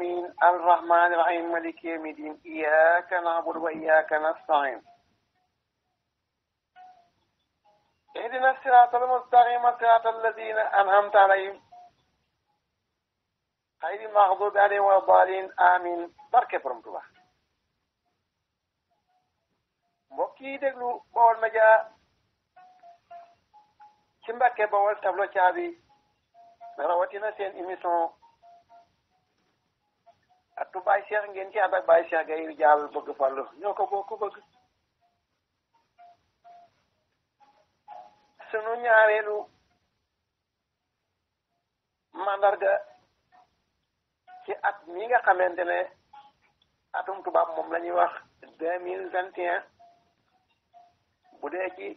العالمين الرحمن الرحيم مالك يوم الدين إياك نعبد وإياك نستعين اهدنا الصراط المستقيم صراط الذين أنعمت عليهم غير المغضوب عليهم ولا الضالين آمين بركة برمتوا mbokk yi déglu Baol Médias ci Mbàkke Baol tablo caabi rawatina seen émission attu Baye Cheikh ngeen ci ànd ak Baye Cheikh gay jaal bëgg fàllu ñoo ko bokk bëgg sunu ñaareelu màndarga ci at mi nga xamante ne atum tubaab moom lañuy wax deux mille vingt et un bu dee ci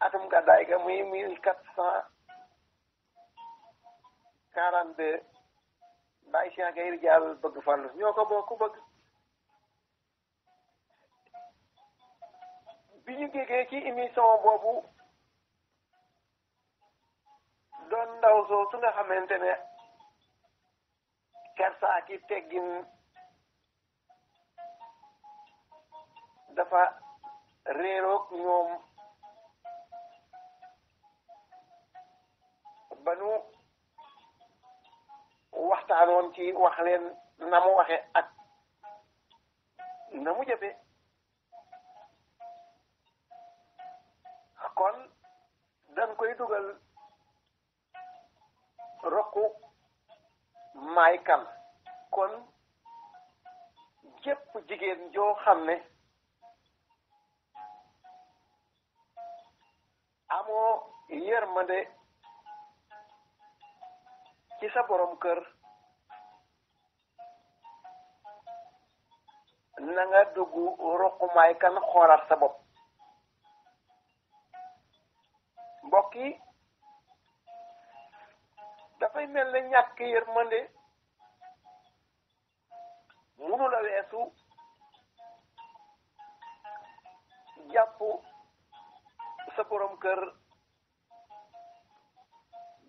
atum gàddaay ga muy mille quatre cent quarante deux bàyyi Cheikh Gueye rijaal bëgg farlu ñoo ko bokk bëgg bi ñu géegee ci émission boobu doon ndaw soo su nga xamante ne kersa ci teggin dafa réeroog ñoom banu waxtaanoon ci wax leen na mu waxe ak na mu jëfe kon dañ koy dugal rokku maay kan kon jépp jigéen joo xam ne amoo yërmande ci sa borom kër na nga dugg roqumaay kan xoolaat sa bopp mbokk yi dafay mel ne ñàkk yërmande munu la weesu jàpp sa borom kër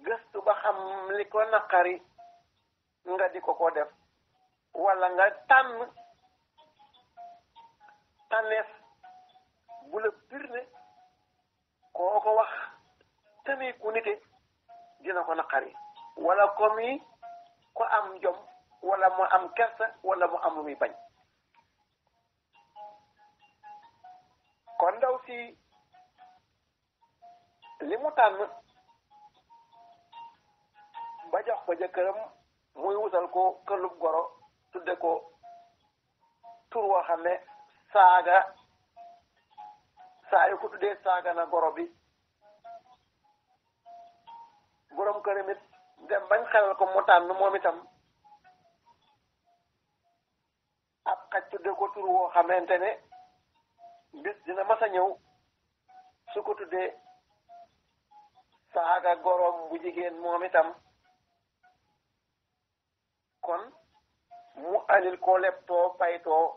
gëstu ba xam li ko naqari nga di ko ko def wala nga tànn tànneef bu la birne koo ko wax tamit ku dina ko naqari wala comme ko am jom wala mu am kersa wala mu am lu bañ kon ndaw si li mu jox ko jëkkëram muy wutal ko këllub goro tudde ko tur woo xam ne saaga saa yu ko tuddee saaga na goro bi borom këram it dem bañ xelal ko mu tànn moom itam ab xaj tudde ko tur woo xamante ne bis dina mas a ñëw su ko tuddee saaga gorom bu jigéen moom itam kon mu alil ko leptoo faytoo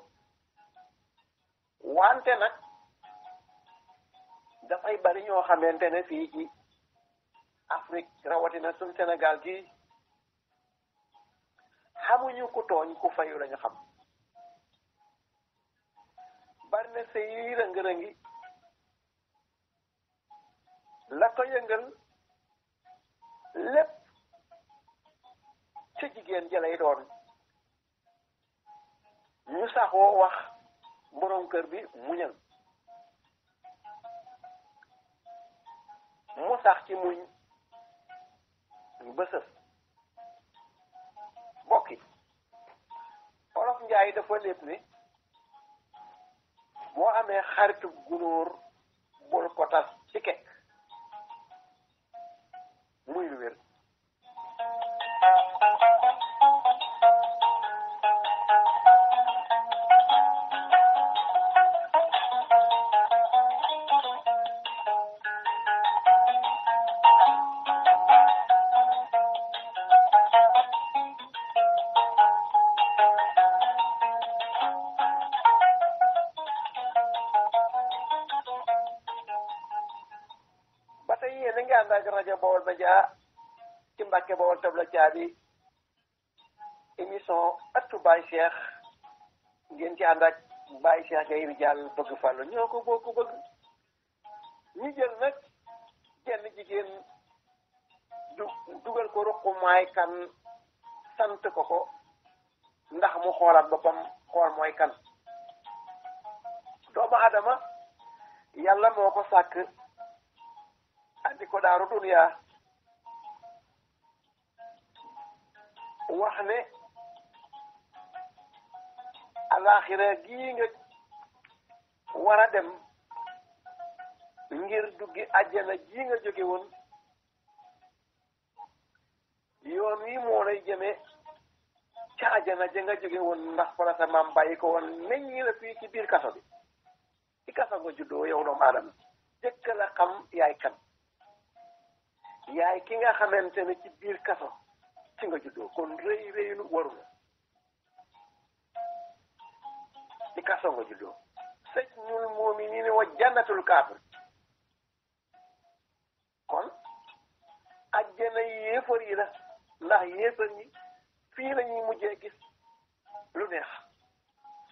wante nag dafay bari ñoo xamante ne fii ci Afrique rawatina suñ Sénégal gi xamuñu ku tooñ ku fayu lañu xam bari na sëy rëng-rëngi la ko yëngal ca jigéen ja lay doon ñu saxoo wax boroom kër bi muñal mu sax ci muñ bësës bokki olof njaay dafa lépp ne boo amee xaritu gunóor bul ko tas ci kekk muy wér ngi rajo Baol Médias ci Mbàkke Baol tabla caabi émission attu Baye Cheikh ngeen ci ànd ak Baye Cheikh Gaïndé Diallo bëgg fàllu ñoo ko bokk bëgg ñu jël nag jenn jigéen du dugal ko ruqumaay kan sant ko ko ndax mu xoolaat boppam xool mooy kan doomu adama yàlla moo ko sàkk andi ko daaru duniya wax ne alaxira gii nga war a dem ngir duggi àjjana ji nga jóge woon yoon wi moo lay jëmee ca àjjana ja nga jóge woon ndax fa la sa bàyyi ko woon meññi la fii ci biir kaso bi ci kaso nga juddoo yow doomu aadama jëkk la xam kan yaay ki nga xamante ne ci biir kaso ci nga juddoo kon rëy rëylu waru la ci kaso nga juddoo sëjnul mu'miniin wa jannatul kaafir kon ajjana yéefar yi la ndax yéefar yi fii la ñuy mujjee gis lu neex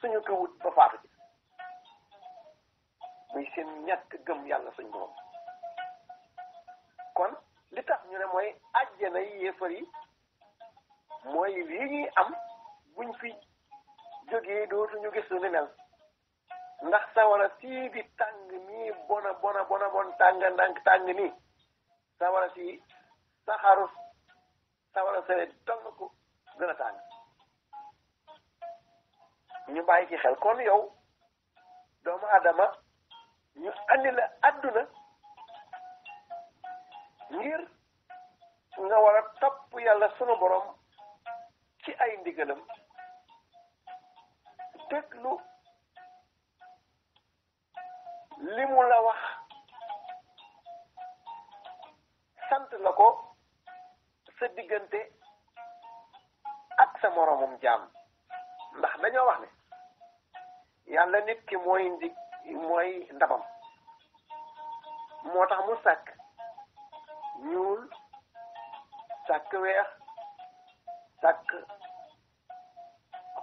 suñu tuwut ba faatu ci muy seen ñàkk gëm yàlla suñ borom kon li tax ñu ne mooy àjjana yi yéefar yi mooy lii ñuy am buñ fi jógee dootuñu gis lu ni mel ndax sawara sii bi tàng nii bona bona bona bon tàng ndànk tàng nii sawara si saxaru sawara sare dong ko gën a tàng ñu bàyyi ci xel kon yow doomu adama ñu andi la àdduna ngir nga war a topp yàlla sunu borom ci ay ndigalam déglu li mu la wax sant la ko sa diggante ak sa moromum jaam ndax dañoo wax ne yàlla nit ki mooy ndig mooy ndabam moo tax mu sàkk ñuul sàkk weex sakk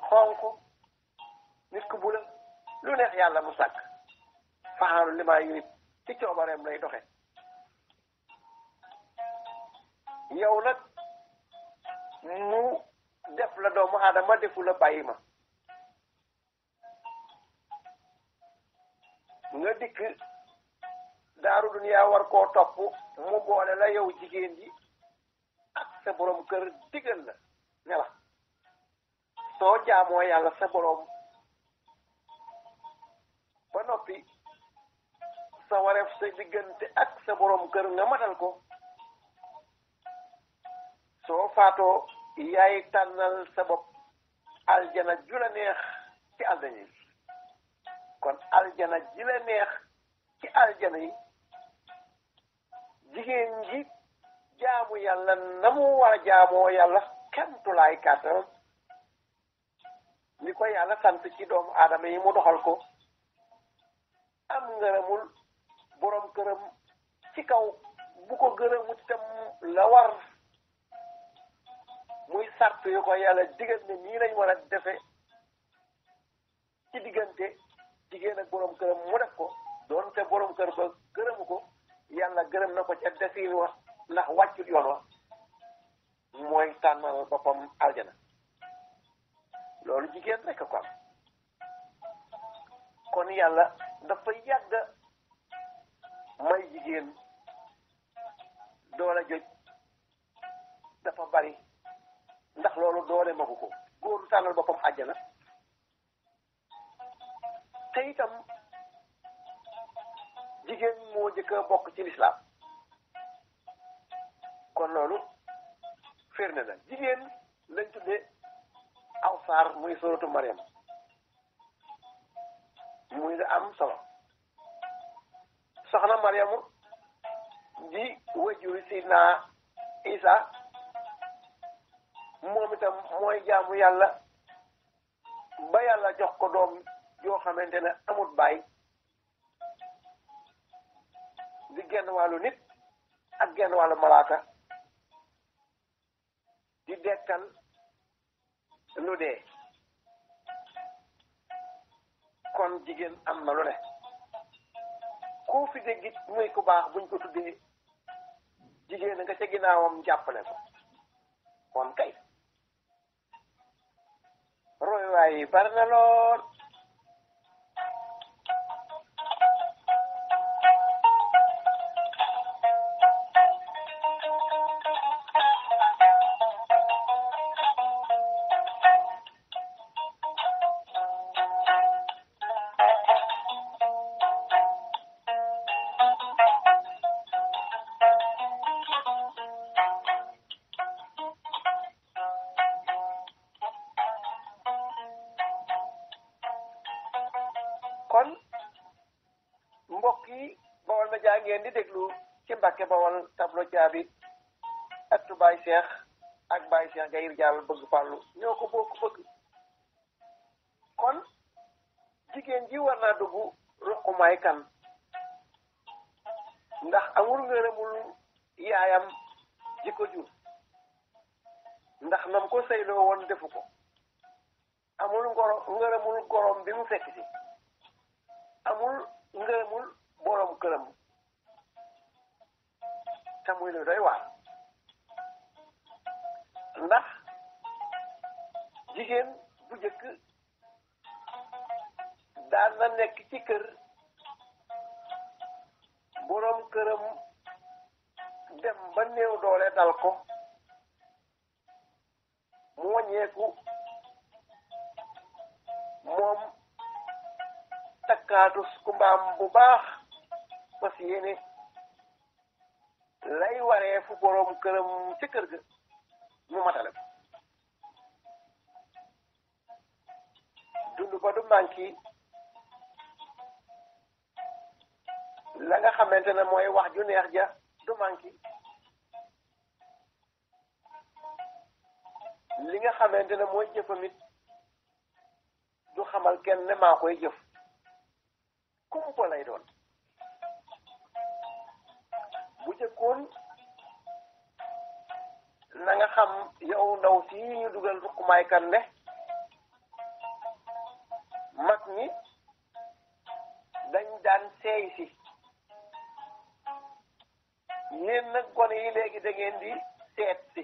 xonq nit bu bula lu neex yàlla mu sàkk faxaaru li maa yurit ci coobareem lay doxe yow nag mu def la doomu aadama defu la bàyyi ma nga dikk daaru duniyaa war koo topp mu boole la yow jigéen ji ak sa borom kër digal la ne soo jaamoo yàlla sa borom ba noppi sa wareef sa diggante ak sa borom kër nga matal ko soo faatoo yaay tànnal sa bopp aljana ju la neex ci aljana kon aljana ji neex ci aljana yi jigéen ji jaamu yàlla na mu war a jaamoo yàlla kemtulaay kàttan li ko yàlla sant ci doomu aadama yi mu doxal ko am ngërëmul borom këram ci kaw bu ko gërëmut tam la war muy sart yu ko yàlla digal ne nii lañ war defe ci diggante jigéen ak borom këram mu def ko doonte borom kër ba gërëmu ko yàlla gërëm na ko ca desin wa ndax wàccut yoon wax mooy tànnal boppam aljana loolu jigéen rek ko kon yàlla dafa yàgg may jigéen doole joj dafa bari ndax loolu doole magu ko góor du tànnal boppam aljana te itam jigéen moo njëkk bokk ci lislaam kon loolu fér la jigéen lañ tuddee aw saar muy suratu Mariam muy la am solo soxna Mariamu di wajuri Seydina Isa moom itam mooy jaamu yàlla ba yàlla jox ko doom yoo xamante ne amut baay di genn wàllu nit ak genn wàllu malaaka di dekkal lu dee kon jigéen am na lu ne koo fi dégg it ku baax buñ ko tuddee jigéen nga ca ginnaawam jàppale ko kon kay royuwaay yi bari na lool ngeen di déglu ci Mbàkke Bawol tablo jaabi attu ak bay Seex Gayir Jaal bëgg fàllu ñoo ko bokk bëgg kon jigéen ji war naa dugg ruqumaay kan ndax amul ngërëmul yaayam ji ko jur ndax nam ko sëyloo woon defu ko amul ngërëmul gorom bi mu fekk si amul ngërëmul borom këram muy lu doy waar ndax jigéen bu njëkk daan na nekk ci kër boroom këram dem ba néew doole dal ko mu wàññeeku moom takkaatu kumbaam bu baax parce que lay waree fu boroom këram ca kër ga mu matale ko dund ba du manki la nga xamante ne mooy wax ju neex ja du manki li nga xamante ne mooy jëfamit du xamal kenn ne maa koy jëf kumpa lay doon takun nga xam yow ndaw si ñu dugal ruqumaay kan ne mag ñi dañ daan seey si yéen nag gone yi léegi da di seet si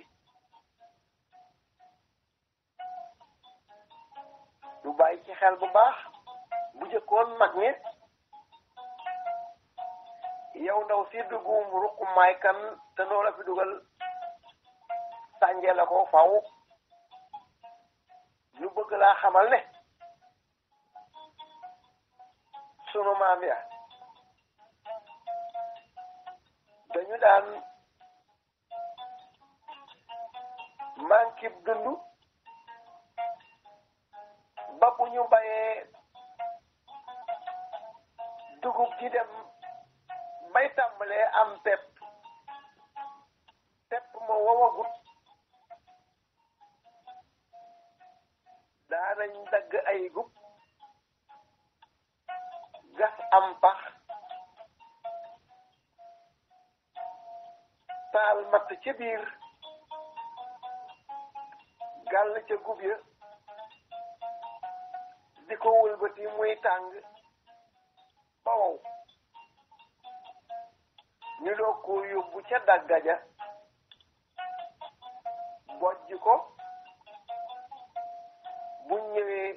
lu bàyyi ci xel bu baax bu jëkkoon mag ñi yow ndaw si duggum ruq maay kan te noo la fi dugal sànjee ko faw ñu bëgg laa xamal ne sunu maam ya dañu daan manqué dund ba bu ñu bayee dugub ji dem may tàmbalee am pepp pepp ma wowagut daanañ dagg ay gub gas am pax taal matt ca biir gàll ca gub ya di ko wëlbati muy tàng ba wow ñu doog koo yóbbu ca daggaja bojj ko buñ ñëwee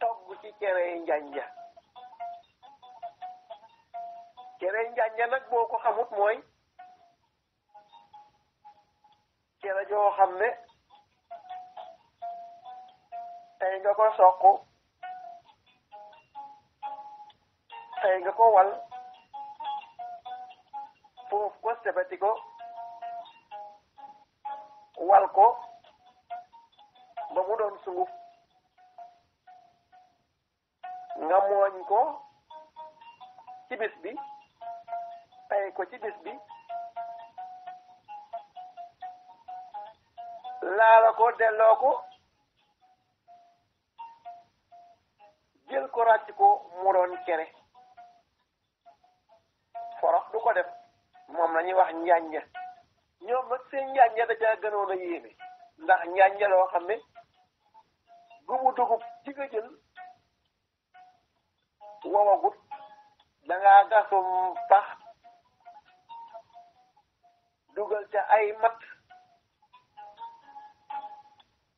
togg ci cere njanja cere njanja nag boo ko xamut mooy cere joo xam ne tey nga ko soq tey nga ko wal foofu ko sebeti ko wal ko ba mu doon sunguf nga mooñ ko ci bis bi tay ko ci bis bi laala ko delloo ko jël ko ràcc ko mu doon kere forox du ko def moom la ñuy wax njànja ñoom nag seen njànja da caa gënoon a yéeme ndax njànja loo xam ne gumu dugub ci nga jël wowagut da gasum pax dugal ca ay mat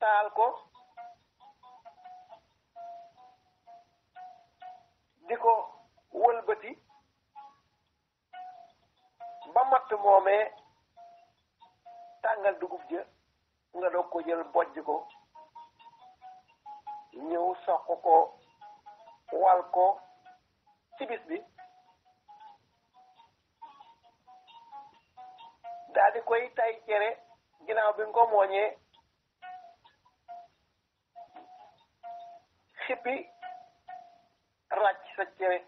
taal ko moomee tàngal dugub ja nga doog ko jël bojj ko ñëw soq ko wal ko ci bis bi daal koy tay cere ginnaaw bi nga ko mooñee xippi ràcc sa cere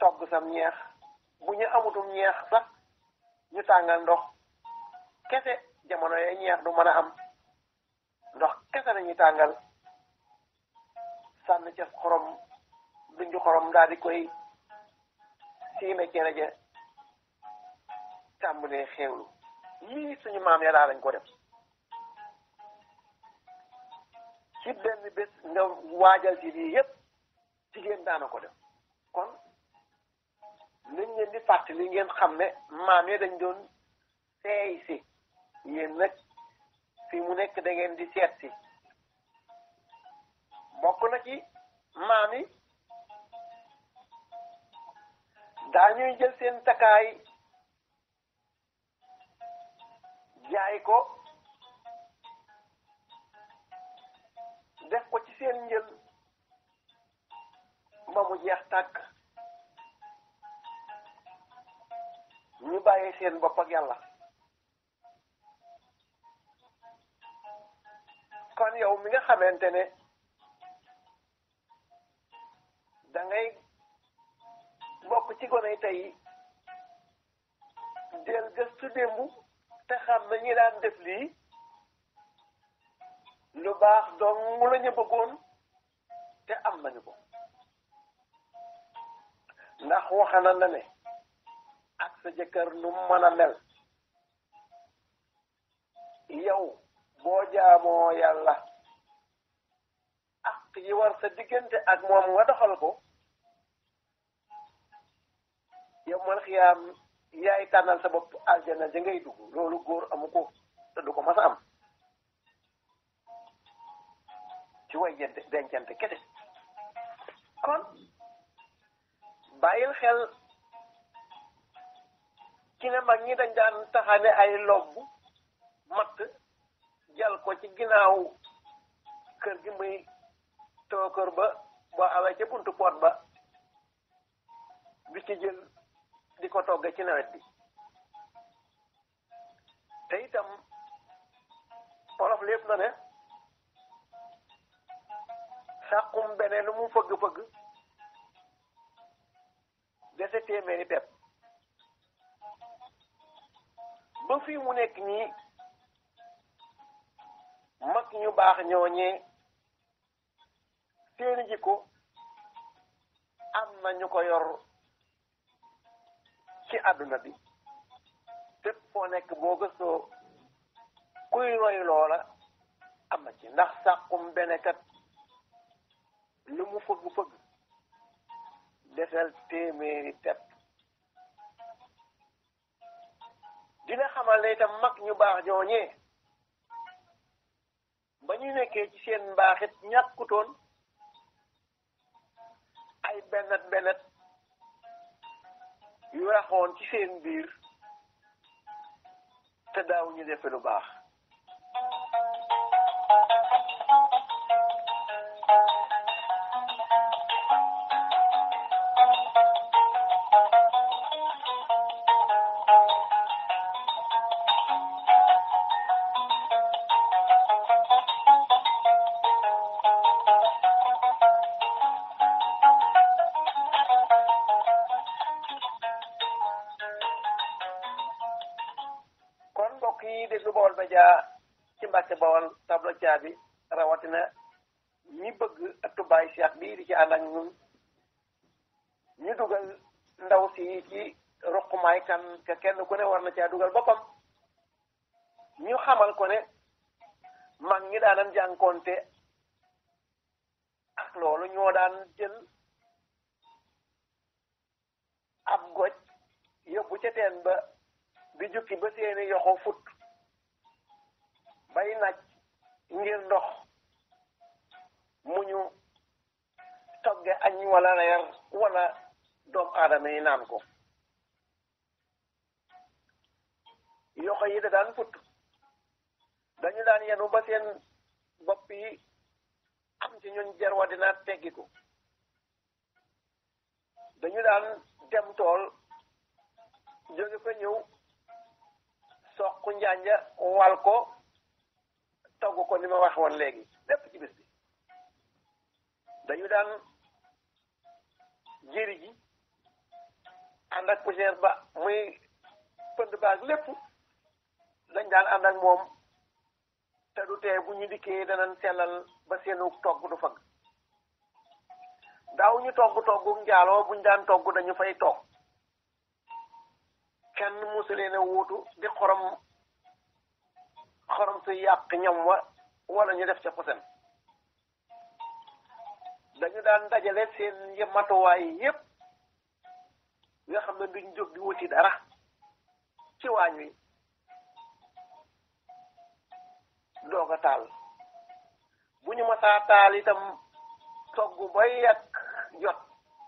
togg sam ñeex bu ñu amutum ñeex sax ñu tàngal ndox kese jamono yee ñeex du mën a am ndox kese ñu tàngal sànn ca xorom dunju xorom daal di koy siime cere ja tàmbalee xewlu yii suñu maam ya daa lañ ko def ci benn bés nga waajal ci lii yépp jigéen daana ko def kon nañ leen di fàttali ngeen xam ne maam ya dañ doon seey si yéen nag fi mu nekk dangeen di seet si bokk na ci maam yi daañuy jël seen takkaay jaay ko def ko ci seen njël ba jeex tàkk bu ñu bàyyee seen bopp ak yàlla kon yow mi nga xamante ne dangay ngay bokk ci gone tey del gëstu démb te xam na ñi daan def lii lu baax doom mu la ñu bëggoon te am nañu ko ndax waxana na ne sa jëkkër nu mën a mel yow boo jaamoo yàlla ak yi sa diggante ak moom nga doxal ko yow man xiyaam yaay tànnal sa bopp aljana ja ngay dugg loolu góor amu ko te ko mas a am ci way dencante kese kon bàyyil xel ci ne mag ñi dañ daan taxane ay lobbu matt jal ko ci ginnaaw kër gi muy kër ba boo awee ca buntu poot ba bi ci jël di ko togge ci nawet bi te itam olof lépp na ne sàqum beneen lu mu fëgg-fëgg dese téeméeri pepp ba fii mu nekk nii mag ñu baax ñooñee seeni jikko am na ñu ko yor ci àdduna bi fépp foo nekk boo gëstoo kuy roy loola am na ci ndax sàqum benekat lu mu fëgg-fëgg desal téeméeri tepp dina xamal ne itam mag ñu baax ñooñee ba ñu nekkee ci seen baaxit ñàkkutoon ay bennet bennet yu raxoon ci seen biir te daaw ñu defe lu baax la caabi rawatina ñi bëgg ëttu baay Cheikh bi di ci ànd ak ñun ñu dugal ndaw si ci ruqumaay kan ka kenn ku ne war na caa dugal boppam ñu xamal ko ne mag ñi daanan jànkoonte ak loolu ñoo daan jël ab goj yóbbu ca teen ba di jukki ba seeni yoxo fut bay naaj ngir dox mu ñu togge añ wala reer wala doom aadama yi naan ko yoxo yi da daan futt dañu daan yenu ba seen bopp am ci ñun jerwa dinaa teggiku dañu daan dem tool jóge fa ñëw soq njanja wal ko togg ko ni ma wax woon léegi lépp ci bi dañu daan jëri ji ànd ak poussière ba muy pënd baag lépp dañ daan ànd ak moom te du tee bu ñu dikkee danañ sellal ba seenu togg du fag daaw ñu togg togg njaaloo buñ daan togg dañu fay toog kenn musuleena wóotu di xorom xorom su yàq ñam wa wala ñu def ca posen dañu daan dajale seen matuwaay yépp nga xam ne duñ jóg di wuti dara ci waañ wi doog taal bu ñu masaa taal itam togg ba yàq jot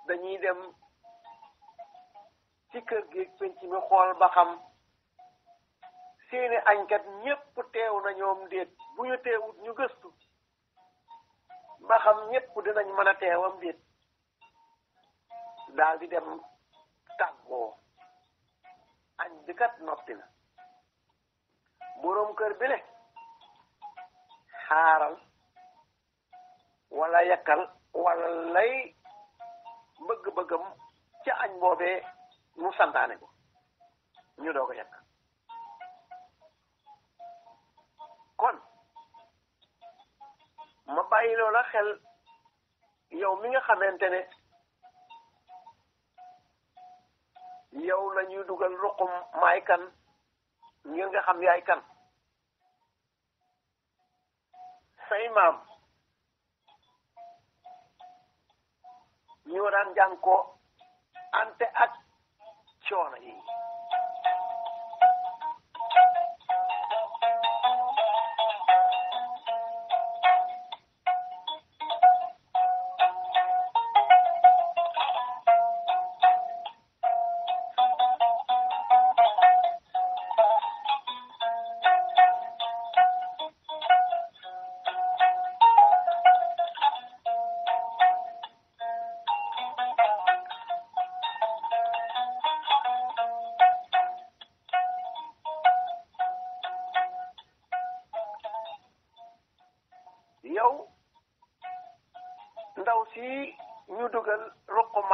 dañuy dem ci kër gi penc mi xool ba xam seeni añkat ñépp teew na ñoom déet bu ñu teewut ñu gëstu ba xam ñépp dinañ mën a teewam déet daal di dem tàggoo añ bi kat noppi na boroom kër bi ne xaaral wala yakkal wala lay bëgg-bëggam ca añ boobee mu santaane ko ñu doo ko yàq ma bàyyi loola xel yow mi nga xamante ne yow la ñuy dugal ruqum maay kan ngir nga xam yaay kan say maam ñoo daan jàng ko ante ak coono yi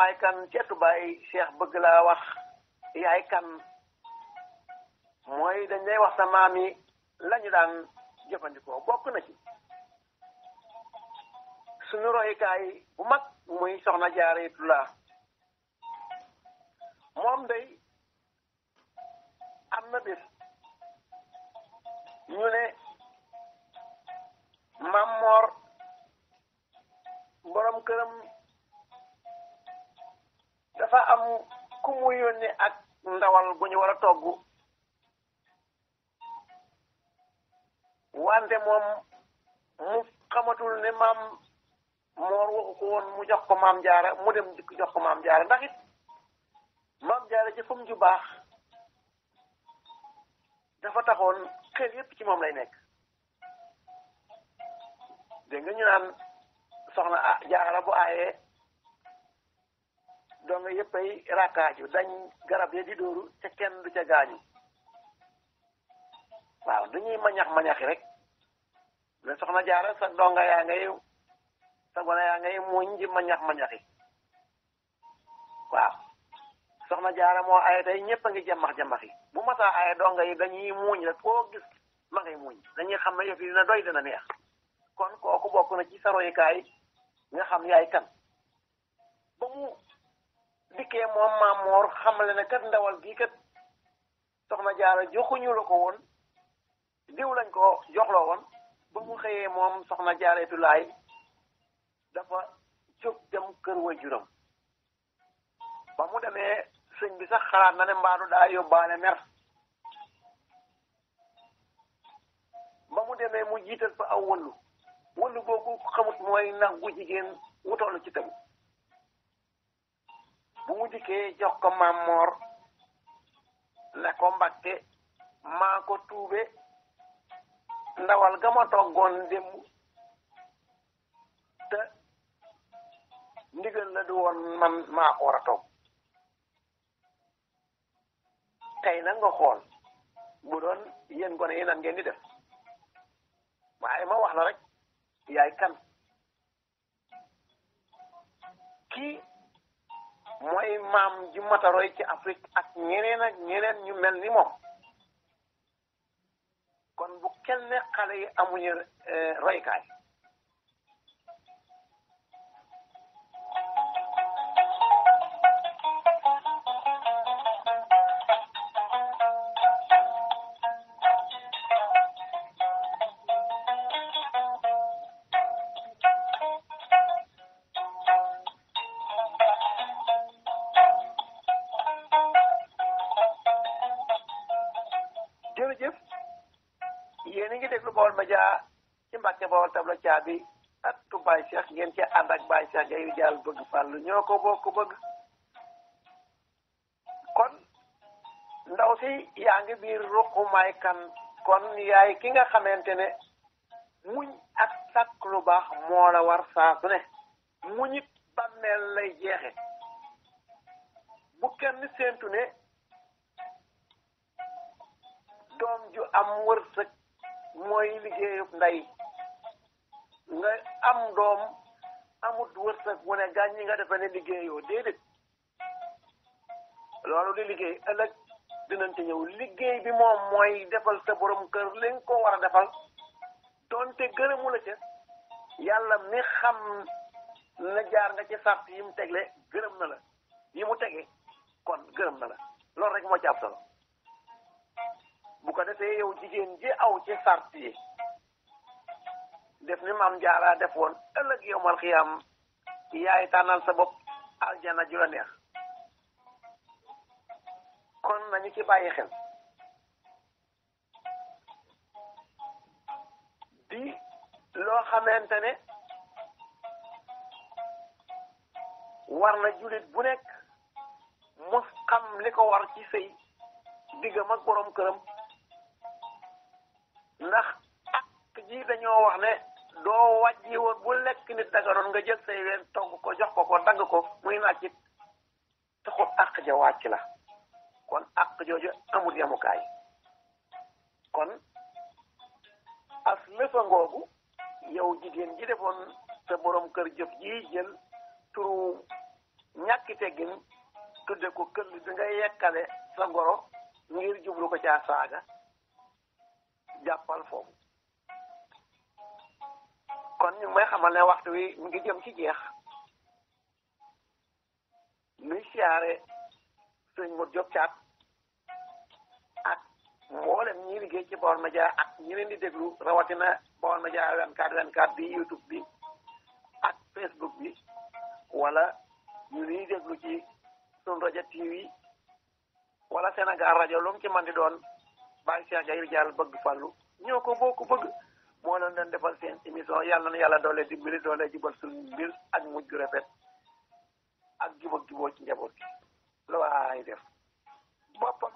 maay kan ci ëttu bàyyi cheikh bëgg laa wax yaay kan mooy dañ lay wax maam yi lañu daan jëfandikoo bokk na ci suñu royukaay bu mag muy soxna jaaretulaa moom day am na bés ñu ne Mamor borom këram am ku mu yónni ak ndawal bu ñu war a togg wante moom mu xamatul ne maam moor waxu ko woon mu jox ko maam jaara mu dem jox ko maam jaara ndax it maam jaara jëfam ju baax dafa taxoon xel yépp ci moom lay nekk dégg nga ñu naan soxna jaara bu aaye dong yëpp ay rakkaaju dañ garab ya di dóoru te kenn du ca gaañu waaw dañuy mañax mañaxi rek la soxna jaara sa donga yaa ngay sa gone yaa ngay muñ di mañax mañaxi waaw soxna jaara moo ay tey ñëpp a ngi jàmmax jàmmax yi bu masaa ay dongo yi dañuy muuñ rek koo gis ma ngay muuñ dañuy xam na yëf yi doy dina neex kon kooku bokk na ci saroyikaay nga xam yaay kan ba mu dikkee moom maam Mor xamle ne kat ndawal gii kat soxna jaara joxuñu la ko woon diw lañ ko joxloo woon ba mu xëyee moom soxna jaareetu laay dafa jóg dem kër waajuram ba mu demee sëñ bi sax xalaat na ne mbaadu daa yóbbaale mer ba mu demee mu jiital fa aw wëllu wëllu boobu xamut mooy nax gu jigéen wu toll ci tegu bu mu dikkee jox ko maam moor ne ko mbakke maa ko tuube ndawal ga ma toggoon démb te ndigal la du ma man war a togg tey nag nga xool bu doon yéen gone yi nan ngeen di def waaye ma wax rek yaay kan kii mooy maam ji mat roy ci Afrique ak ñeneen ak ñeneen ñu mel ni moom kon bu kenn xale yi amuñu eh, roykaay bawal tabla caabi attu Baye Cheikh ngeen ca ànd ak Baye Cheikh gayu jàll bëgg fàllu ñoo ko bokk bëgg kon ndaw si yaa ngi biir ruqumaay kan kon yaay ki nga xamante ne muñ ak sàkk lu baax moo la war saa ne muñit bàmmeel lay jeexe bu kenn séentu ne doom ju am wërsëg mooy liggéeyub ndey nga am doom amut wërsëg wu ne gaañ ñi nga defe ne liggéeyoo déedéet loolu di liggéey ëllëg dinañ ci ñëw liggéey bi moom mooy defal sa borom kër li nga ko war a defal doonte gërëmu la ca yàlla ni xam na jaar nga ci sart yi mu tegle gërëm na la yi mu tege kon gërëm na la loolu rek moo ci am solo bu ko defee yow jigéen ji aw ci sart yi def ni maam jaaraa defoon ëllëg yowmal xiyaam yaay tànnal sa bopp aljana ju la kon nañu ci bàyyi xel di loo xamante ne war na jullit bu nekk mu xam li ko war ci sëy diggam ak borom këram ndax ak ji dañoo wax ne doo wàjji woon bu lekk nit daganoon nga jël say ween togg ko jox ko ko dagg ko muy naaj it àq ja wàcc la kon àq jooju amul yamukaay kon as lëfa ngoogu yow jigéen ji defoon sa borom kër jëf ji jël turu ñàkki teggin tudde ko kër bi nga yekkale sa ngoro ngir jublu ko caa saaga jàppal foofu kon ñu ngi may xamal ne waxtu wi mu ngi jëm ci jeex nuy siyaare sëñ Modou Diop Thiat ak mboolem ñi liggéey ci Baol Média ak ñi leen di déglu rawatina Baol Média 24 24 bi YouTube bi ak Facebook bi wala ñu niy déglu ci sun rajo TV wala Sénégal rajo lu mu ci man di doon bàyyi Cheikh Gaye Ridial bëgg fàllu ñoo ko boo ko bëgg moo leen doon defal seen émission yàlla na yàlla doole dimbali doole jubal suñu mbir ak mujj rafet ak jubag juboo ci njaboot gi la waay def bopp